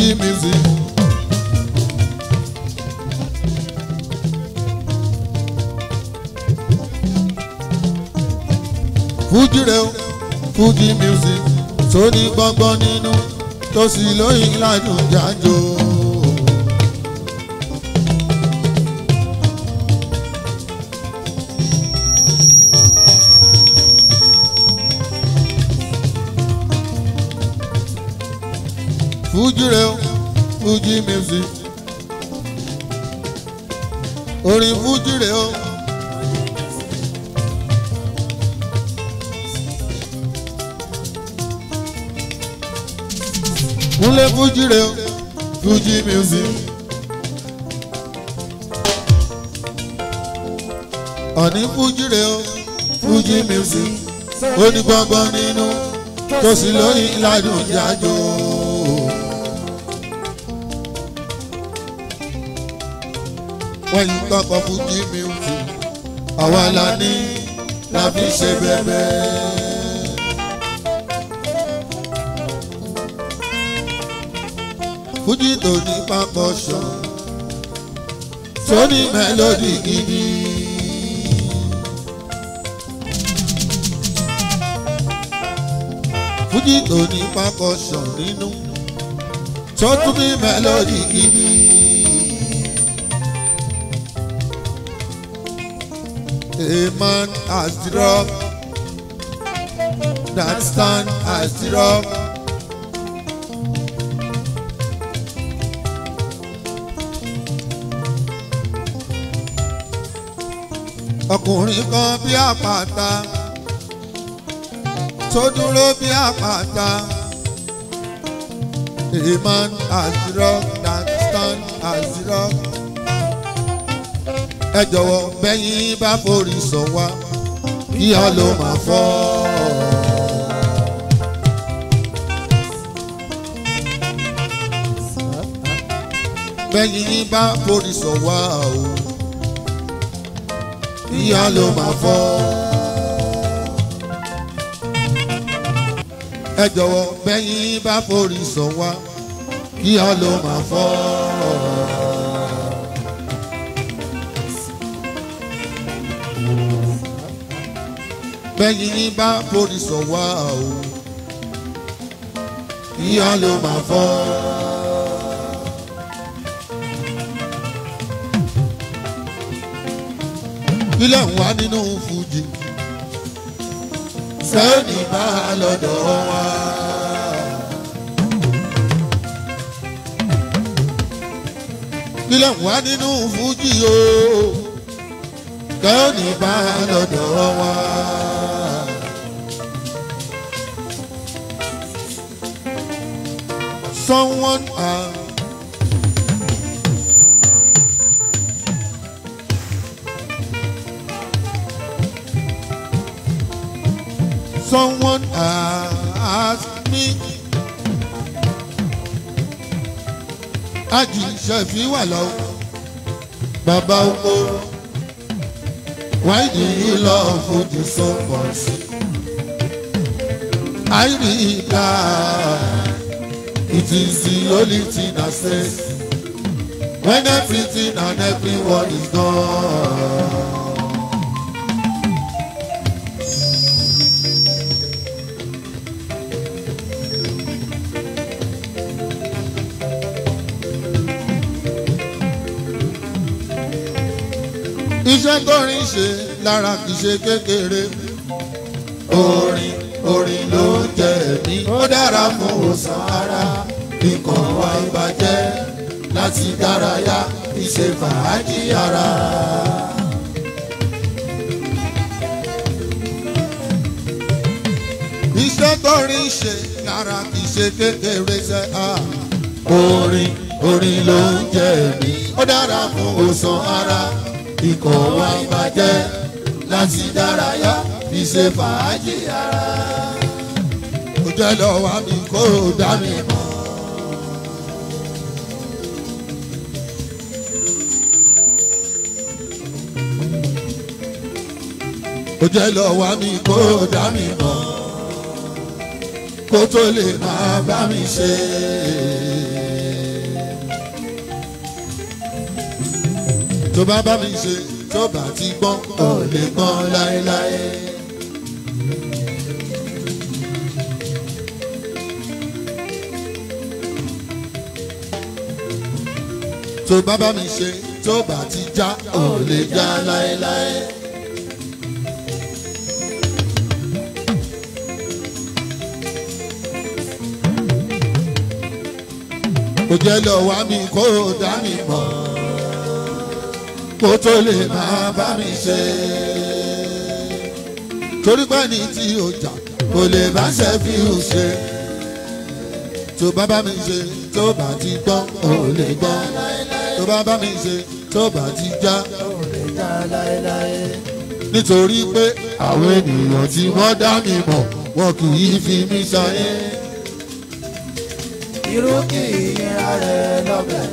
reggae music. Fuji rẹ̀ o, Fújì music, tó ní gbọ́ngbọ́n nínú, tó sì lóyìn ládùn jájò. fújì rẹ o music orin fújì rẹ o. kúnlẹ̀ fújì Fuji music. ọ̀ní fújì rẹ Fuji music ó ní gbọ́ngbọ́n nínú kò sí lórí ládùn wọ́n yìí tọkọ fújì mi ń fi àwa la ní la fi ṣe bẹ́bẹ́. fújì tó ní pápọ̀ ṣọ tó ní mélòdì gidi. fújì tó ní pápọ̀ ṣọ nínú tó tún ní mélòdì gidi. a man as the rock that stand as the rock. ọkùnrin kan bí àpáta tó dúró bí àpáta a man as the rock that stand as the rock ẹ jọ̀wọ́ bẹ́yìn bá forí sọ wá kíá ló máa fọ́. bẹ́yìn bá forí sọ wá o kíá ló máa fọ́. ẹ jọ̀wọ́ bẹ́yìn bá forí sọ wá kíá ló máa fọ́. bẹ́yìn ní bá forí sọ wá o ìyá ló máa fọ́. ilé ń wá nínú fújì sẹ́ẹ̀nì bá a lọ́dọ̀ wá. ilé ń wá nínú fújì o sẹ́ẹ̀nì bá a lọ́dọ̀ wá. someone out. Someone asked me. Ajíṣẹ́ fi wà lọ́wọ́. Bàbá oko, why do you love Ojú so much? I be die. It is the only thing that says when everything and everyone is gone. iṣẹ́ tó rí ṣe lára kì í ṣe kékeré orin orin ló ń jẹ ẹ̀mí ó dára fún òsàn ara nǹkan wa ìbàjẹ́ láti dárayá ìṣe fàájì ara. iṣẹ́ tọrin ṣe lára kì í ṣe kékeré ṣe á. orin orin ló ń jẹ ẹ̀mí ó dára fún òsàn ara ikọ̀ wa ìbàjẹ́ láti dárayá fi ṣe fàájì ara ó jẹ́ lọ mi kó o dá mi mọ̀. ó jẹ́ lọ mi kó o dá mi mọ̀ kó tó lè máa bá mi ṣe. tó bá bá mi ṣe tó bá ti gbọ́n ò lè gbọ́n láéláé. tó bá mi ṣe tó bá ti já ò lè já láéláé. kò jẹ́ lọ wá mi kó o dá mi mọ̀ kó tó lè máa bá mi ṣe. torí pé ní tí o jà kò lè bá ṣe fi hù ṣe. tó bá mi ṣe tó bá ti gbọ́ ò lè gbọ́ tó bá bá mi ṣe tó bá ti já. Ó lè já láéláé. Nítorí pé àwọn ènìyàn tí wọ́n dá mi mọ̀ wọn kì í fi mí ṣayé. Irú kì í yẹra rẹ̀ lọ́bẹ̀.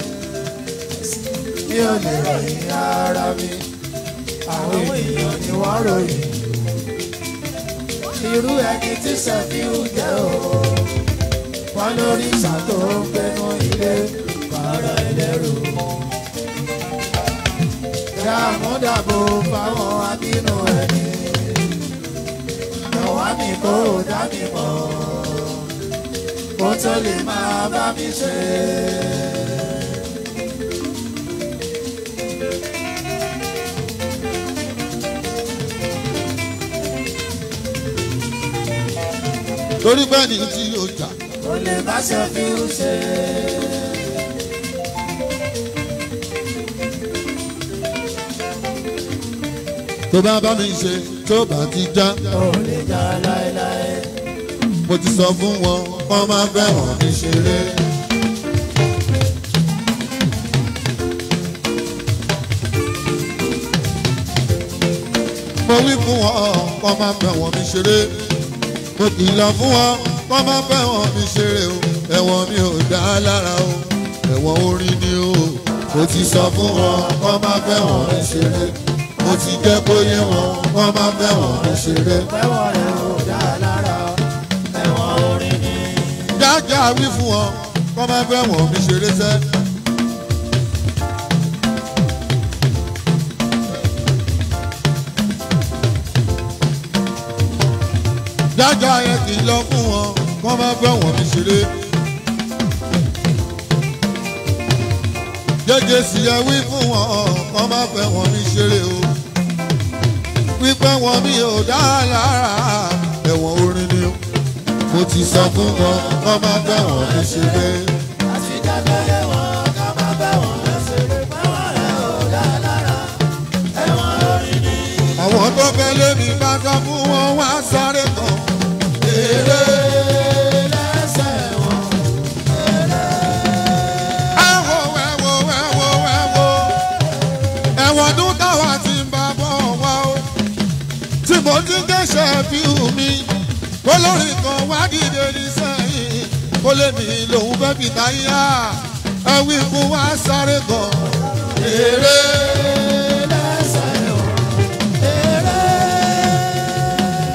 Mi ò lè ròyìn ara mi. Àwọn ènìyàn ni wọ́n ròyìn. Irú ẹni tí Ṣẹ́fíù jẹ́ o. Wọ́n lórí ìṣàtò ń pẹ́. dàbò fáwọn abínú ẹni lọ́wọ́ mi kó dá mi mọ̀ kó tó lè máa bá mi ṣe. torí bẹ́ẹ̀ ni tí yóò jà. o lè má ṣe fi ń ṣe. tó bá bá mi ṣe tó bá ti já. òun lè jà láéláé. mo ti sọ fún wọn wọ́n máa fẹ́ràn mi ṣeré. mo wí fún wọn wọ́n máa fẹ́ràn mi ṣeré. mo kìlọ̀ fún wọn wọ́n máa fẹ́ràn mi ṣeré o ẹ̀wọ̀n mi ò dá lára o ẹ̀wọ̀n orin ni o mo ti sọ fún wọn wọ́n máa fẹ́ràn mi ṣeré mo ti jẹ́ kó yé wọn wọ́n máa mẹ́wọ̀n ní ṣeré. mẹ́wọ̀n rẹ̀ ò dá lára mẹ́wọ̀n orin ni. jájá wí fún wọn kọ́ máa mẹ́wọ̀n ní ṣeré sẹ́. jájá yẹn kì lọ fún wọn kọ́ máa mẹ́wọ̀n ní ṣeré. jẹ́jẹ́ sì wí fún wọn kọ́ máa fẹ́ wọn ní ṣeré o wípé wọn mi ò dá lára ẹ̀wọ̀n orin ni mo ti sọ fún wọn kọ́ máa bẹ̀ wọ́n ní ṣeré. àṣìjáde wọn ká máa bẹ̀ wọ́n ní ṣeré báwọn rẹ̀ ò dá lára ẹ̀wọ̀n orin ni. àwọn tó fẹ́ lé mi bá sọ fún wọn wá sáré kan. mo ti ń gẹ̀ṣẹ̀ fi hù mí olórin kan wá dìde ní sẹ́yìn kó lè mí lòun fẹ́ fi táyà ẹ̀wí fún wa sáré gan eré.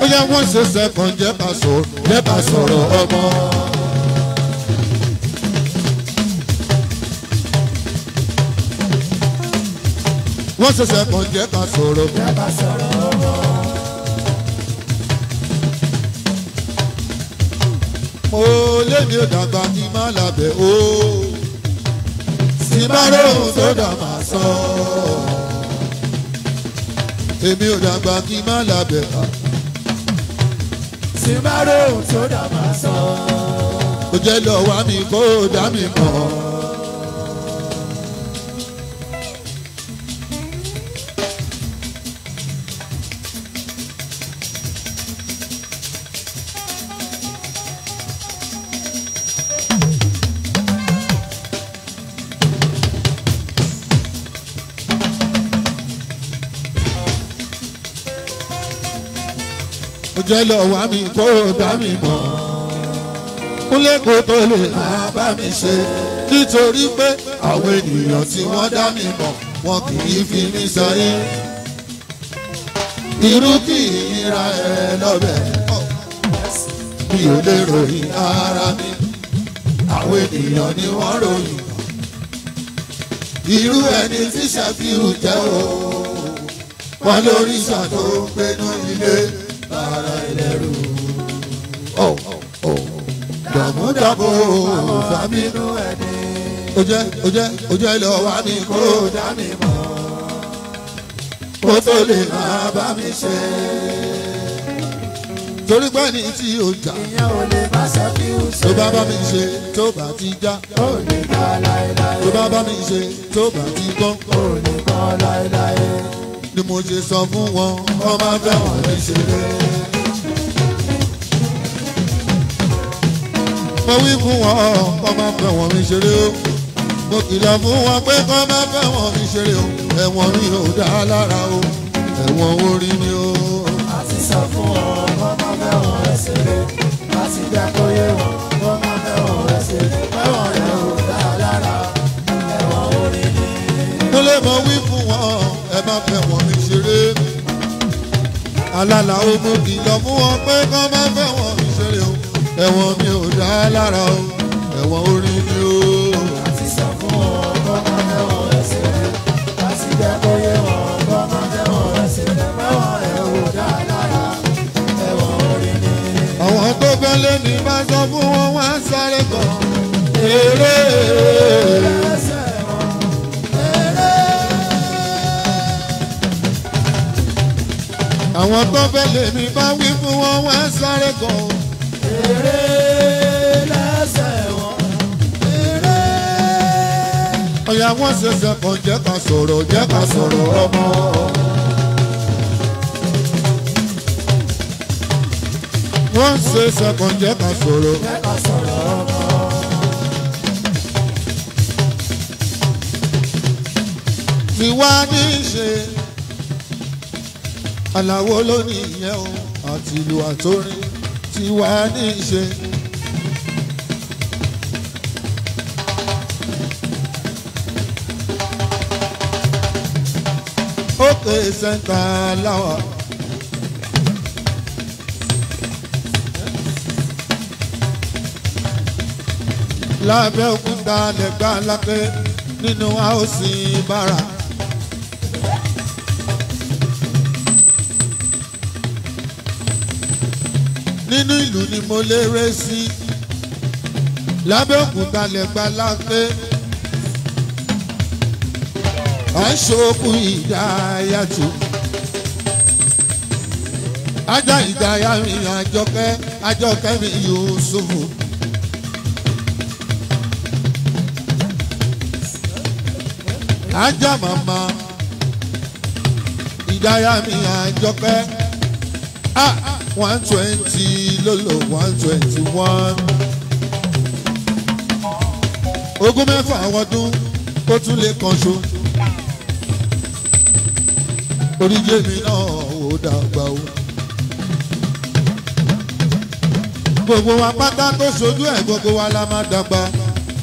ó yẹ wọ́n ṣẹ̀ṣẹ̀ kan jẹ́ ká sọ̀rọ̀ jẹ́ ká sọ̀rọ̀ ọmọ. wọ́n ṣẹ̀ṣẹ̀ kan jẹ́ ká sọ̀rọ̀ jẹ́ ká sọ̀rọ̀ ọmọ. mo lémi ò dàgbà kí má labẹ̀ o sì má lóhùn tó dà má sọ. èmi ò dàgbà kí má labẹ̀ o sì má lóhùn tó dà má sọ. ó jẹ́ lọ mi kó o dá mi mọ̀. jẹ́ lọ wá mi kó dá mi mọ̀. Kúnlé tó lè máa bá mi ṣe nítorí pé àwọn ènìyàn tí wọ́n dá mi mọ̀ wọn kì í fi mí sọrí. Irú kì í ra ẹ lọ́bẹ̀. Mi ò lè ròyìn ara mi. Àwọn ènìyàn ni wọ́n ròyìn. Irú ẹni tí Ṣàfihàn jẹ́ o. Wọ́n lórí sàn tó ilé ara oh, ẹlẹ́rù. Oh. dàmúdàbò fàmínú ẹni. ó jẹ́ ó jẹ́ ó jẹ́ ilé ọ̀wá mi kó dá mi mọ̀ kó tó lè máa bá mi ṣe. torí pé ní tí o jà ìyẹn ò lè má ṣàfihàn ṣe. tó bá bá mi ṣe tó bá ti já. ó lè bá láéláé. tó bá bá mi ṣe tó bá ti gbọ́. ó lè bá láéláé ni mo ṣe sọ fún wọn wọ́n má dá wọn lè ṣeré. mo wí fún wọn kọ́ má fẹ́ wọn mi ṣeré o mo kìlọ̀ fún wọn pé kọ́ má fẹ́ wọn mi ṣeré o ẹ̀wọ̀n mi ò dá lára o ẹ̀wọ̀n orí ni o. a ti sọ fún wọn kọ́ má fẹ́ wọn lè ṣeré a ti dá kóyè wọn kọ́ ẹ̀wọ̀n rẹ̀ ẹ̀wọ̀n orí ni. mo lè mọ wí má fẹ́ wọ́n mi ṣeré alálà ogun kìlọ̀ fún wọn pé kọ́ má fẹ́ wọ́n mi ṣeré o ẹ̀wọ̀n mi ò dá lára o ẹ̀wọ̀n orin ọ̀rọ̀ bẹ́ẹ̀ lèmi bá wí fún wọn wá sáré gan. eré lẹ́sẹ̀ wọn eré. ọ̀yà wọn ṣẹ̀ṣẹ̀ kan jẹ́ ká sọ̀rọ̀ jẹ́ ká sọ̀rọ̀ ọmọ. wọ́n ṣẹ̀ṣẹ̀ kan ká sọ̀rọ̀ tiwa ní í ṣe aláwo ló ní ìyẹn o àti ìlú àtórin ti wá ní ìṣe. òkè sẹ́ńtà láwà. lábẹ́ òkúta lẹ́gbàá lákẹ́ nínú àòsì bára. ìlú ni mo lérè sí lábẹ́òkúta lẹ́gbàá láńpẹ́ ọ̀ṣọ́kùn ìdáyàtò ajá ìdáyà mi àjọkẹ́ àjọkẹ́ mi Yúsúfù. ajá màmá ìdáyà mi àjọkẹ́. Ah. ah one twenty lolo one twenty one. ogún mẹ́fà ọdún ó tún lè kan ṣo. oríjì mi náà ò dàgbà o. gbogbo wa pátá tó ṣojú ẹ̀ gbogbo wa la máa dàgbà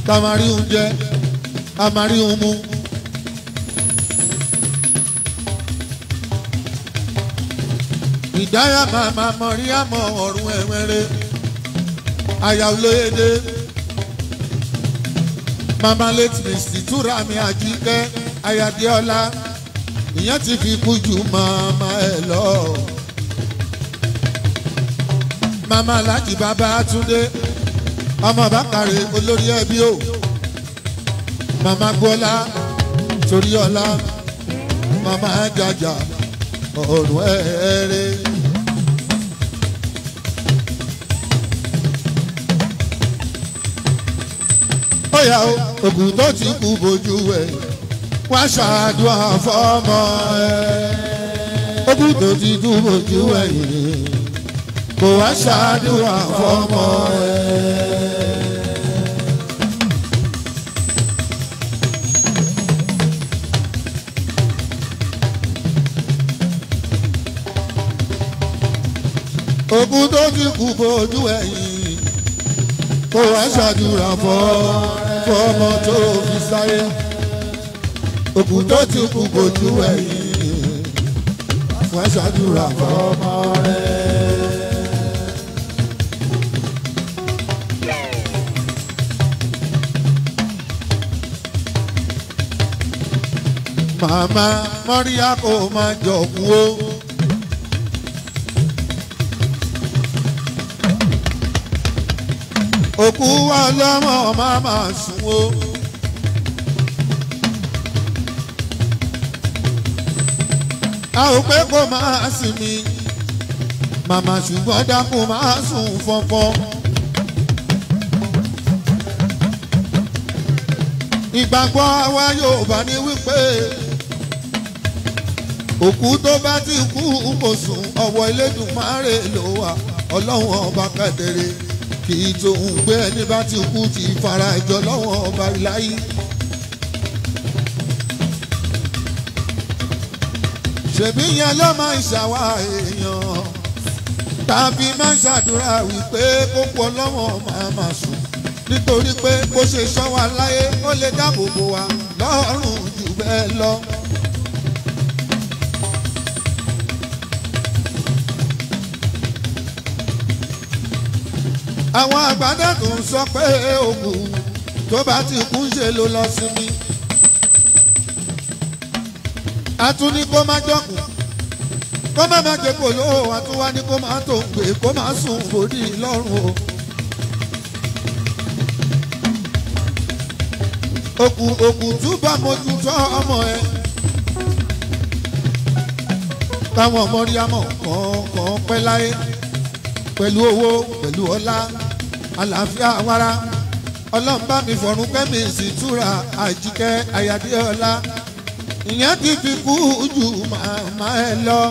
tá a máa rí oúnjẹ a máa rí ohun ìdáyà màmá mọ̀rí àmọ́ ọ̀run ẹ̀wẹ̀rẹ̀ àyà olóyèdè màmá létí mi sì túra mi àjíkẹ́ àyàdéọlá ìyẹn ti fi kú ju màmá ẹ lọ. màmá aláàjì bàbá Túndé ọmọ bàkàrẹ olórí ẹbí o màmá gbọ́lá torí ọlá màmá jàjà ọ̀run ẹ̀ẹ́rẹ́. bóyá òkú tó ti kú bojú ẹ̀ wá ṣàdúrà fọ́mọ ẹ̀ òkú tó ti kú bojú ẹ̀ yìí kò wá ṣàdúrà fọ́mọ ẹ̀. òkú tó ti kú bojú ẹ̀yìn kó wá ṣàdúrà fọ́ kó ọmọ tó fi sáyé òkun tó ti kú kò tú ẹ̀yìn fún ẹ̀ṣàdúrà fọmọ rẹ. màmá mọ́ríyá kò máa jọ̀kú o. òkú ọlọ́mọ màmá sùn o. a ò pé kó máa sinmi màmá ṣùgbọ́n dákun máa sùn fọ́fọ́. ìgbàgbọ́ àwa Yorùbá ní wípé òkú tó bá ti kú kò sùn ọwọ́ Elédùmarè ló wà ọlọ́run ọba kẹ́dẹ́rẹ́ kì í tóun pé ẹni bá ti kú ti fara ìjọ lọ́wọ́ ọba láyé. ṣèbí yẹn ló máa ń ṣàwá èèyàn tàbí máa ń ṣàdúrà wípé kókó ọlọ́wọ́ máa máa sùn nítorí pé bó ṣe ṣọ́ wa láyé ó lè dáàbò bò wá lọ́rùn jù bẹ́ẹ̀ lọ. àwọn àgbàdàgùn sọ pé òkú tó bá ti kú ṣe ló lọ sí mi. atún ní kó má jọkùn kó má má gbé kòló atún wá ní kó má tó ń gbé kó má sùn borí lọ́rùn o. òkú òkú túbà mójútó ọmọ ẹ káwọn ọmọ rí amọ̀ kọ̀ọ̀kan pẹ́ láyé pẹ̀lú owó pẹ̀lú ọlá àlàáfíà wàrà ọlọ́run bá mi fọ̀run kẹ́mi sì túra àjíkẹ́ àyàdé ọlá ìyẹn ti fi kú jù màmá ẹ lọ.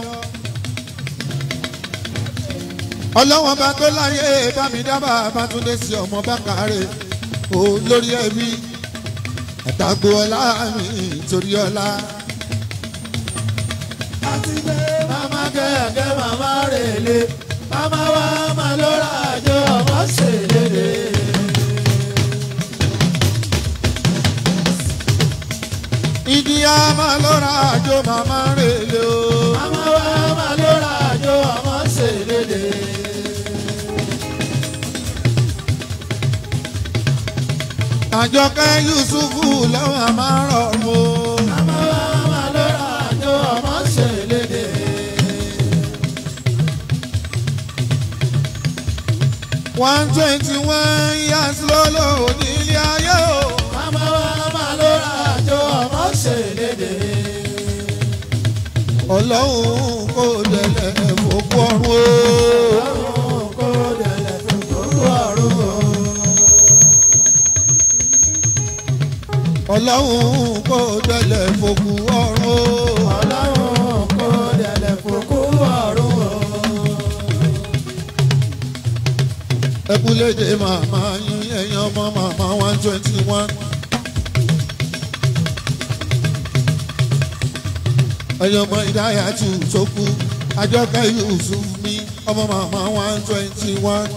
ọlọ́wọ́n bá tó láyé bá mi dábàá bá tún lé sí ọmọ bá o lórí ẹbí àtàgbò ọlá mi torí ọlá. àti pé màmá kẹ̀kẹ́ màmá rẹ̀ lé màmá wa máa lọ́ra àjọ ọmọ ṣèlédè. ìdí a máa lọ́ra àjọ o. wa máa lọ́ra àjọ ọmọ ṣèlédè. àjọkẹ́ Yusufu làwọn one twenty one years lọ́lọ́ onílé ayé o. màmá wa máa ló ra àjọ ọmọ ṣèlédè. ọlọ́run kò dẹ̀lẹ̀ fòkú ọ̀run o. ọlọ́run kò dẹ̀lẹ̀ fòkú ọ̀run o. ọlọ́run kò dẹ̀lẹ̀ fòkú. Akúlédé màmá yín ẹ̀yàn ọmọ màmá one twenty one. ẹ̀yàn ọmọ Ìdáyàtú tó kú Àjọkẹ́ Yusuf mi ọmọ màmá one twenty one.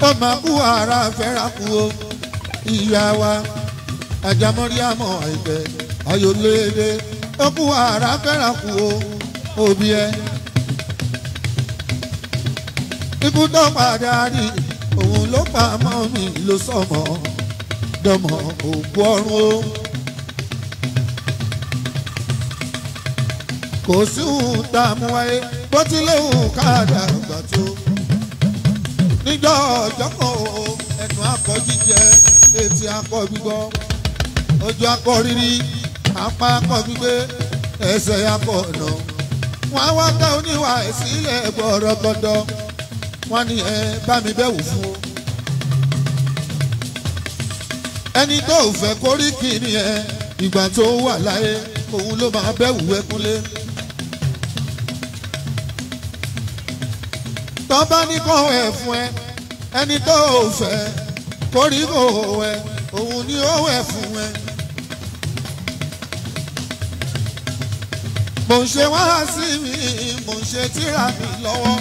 ó máa kú ara fẹ́ra kú o ìyá wa àjàmọ́ríàmọ́ àìbẹ̀ ayọ̀lẹ́lẹ́ ó kú ara fẹ́ra kú o òbí ẹ̀ ikú tó padà rí òun ló pa mọ́ mi ló sọmọ dọmọ òkú ọrùn o. kò sí òun tá a mú wáyé bó ti léwu káàdà ìgbà tó. níjọ́ ọjọ́ kan o ẹnu akọ jíjẹ etí akọ gbígbọ́ ojú akọ rírí apá akọ gbígbé ẹsẹ̀ akọ ọ̀nà. wọ́n á wá ká oníwà ìsílẹ̀ gbọ́rọ̀ gbọ́dọ̀ wọ́n ní ẹ bá mi bẹ̀wò fún o. ẹni tó fẹ́ kórí kìíní ẹ ìgbà tó wà láyé òun ló máa bẹ̀wò ẹkúnlé. tọ́ bá ní kọ́ ẹ fún ẹ ẹni tó fẹ́ kórí kò ẹ òun ni ó ẹ fún ẹ. mò ń ṣe wáhásí mi mò ń ṣe tíra mi lọ́wọ́.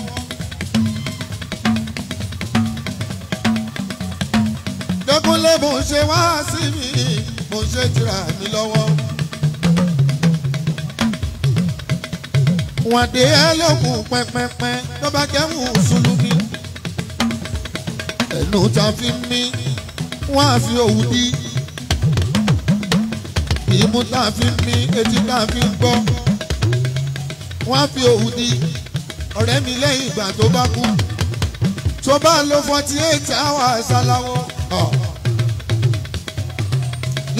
Kúnlé mo ṣe wá sí mi mo ṣe tìrà mi lọ́wọ́. Wọ́n dé ẹ lókun pẹ́pẹ́pẹ́ tó bá kẹ́hùn sùlùmí. Ẹnu ta fi mí wọ́n á fi òwú dí. Ìmú ta fi mí etí ta fi gbọ́ wọ́n á fi òwú dí. Ọ̀rẹ́ mi lẹ́yìn ìgbà tó bá kú tó bá lo forty eight hours aláwọ̀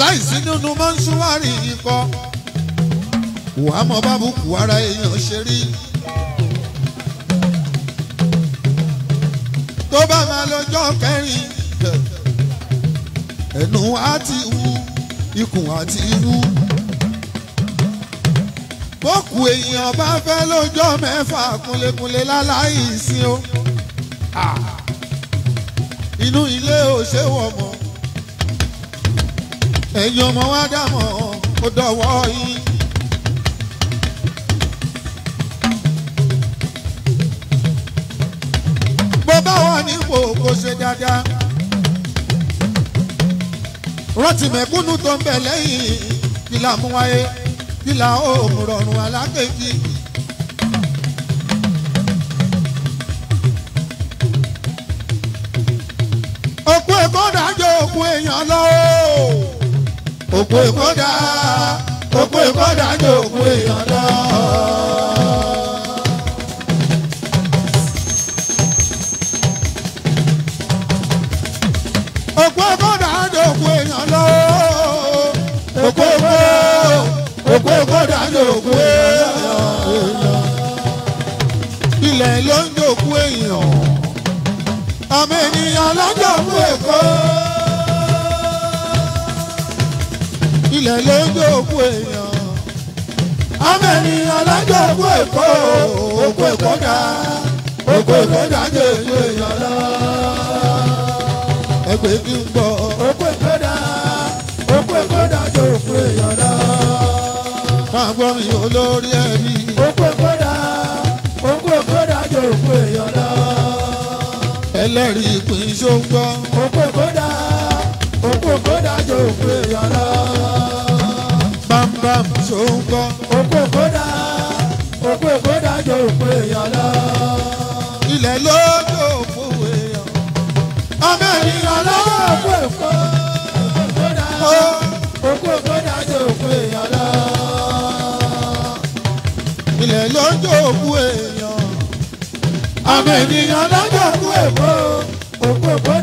láìsí nínú mọ́ṣúárì ikọ̀ wàá mọ bábùkù ara èèyàn ṣe rí. tó bá máa lọ́jọ́ kẹrin ẹnu á ti wú ikùn á ti bókù èèyàn bá fẹ́ lọ́jọ́ mẹ́fà kúnlẹ̀kúnlẹ̀ láláì sí o. Ah! inú ilé ò ṣe wọ̀ mọ́ ẹ̀yin ọmọ wa dàmọ́ ó dọ̀wọ́ yín. bó bá wà nípò kó ṣe dáadáa rántí mẹ̀kúnnù tó ń bẹ lẹ́yìn kìlà mú wáyé kìlà òòrùn rọrùn alákejì. òkú ẹ̀kọ́ dájọ́ òkú èèyàn lọ́wọ́ òkú ìkọ́dà òkú ìkọ́dà ní òkú ìyọ̀dá. òkú ìkọ́dà ní òkú ìyọ̀dá. òkú ìkọ́dà òkú ìkọ́dà ní òkú ìyọ̀dá. ilẹ̀ ló ń dòkú èèyàn ọmọ ènìyàn lọ́jọ́ òkú èkó. ilẹ̀ ló òkú èèyàn ọmọ ènìyàn lọ́jọ́ òkú èkó òkú èkó dá òkú èkó dá ju èkó èèyàn lọ. ẹgbẹ́ kí n bọ̀ òkú èkó dá òkú èkó dá ju òkú èèyàn lọ. máa olórí ẹbí. òkú èkó dá òkú èkó dá ju òkú èèyàn lọ. ẹlẹ́rìí ìpín ṣó ń gbọ́. òkú èkó dá òkú èkó dá ju òkú èèyàn lọ bam ṣó ń òkú òkúta òkú òkúta jọ òkú èèyàn lọ. ilẹ̀ ló jọ òkú èèyàn. ọmọ ènìyàn lọ́wọ́ òkú èkó. òkú òkúta jọ òkú èèyàn lọ. ilẹ̀ ló jọ òkú èèyàn. ọmọ ènìyàn lọ́jọ́ òkú èkó òkú òkú.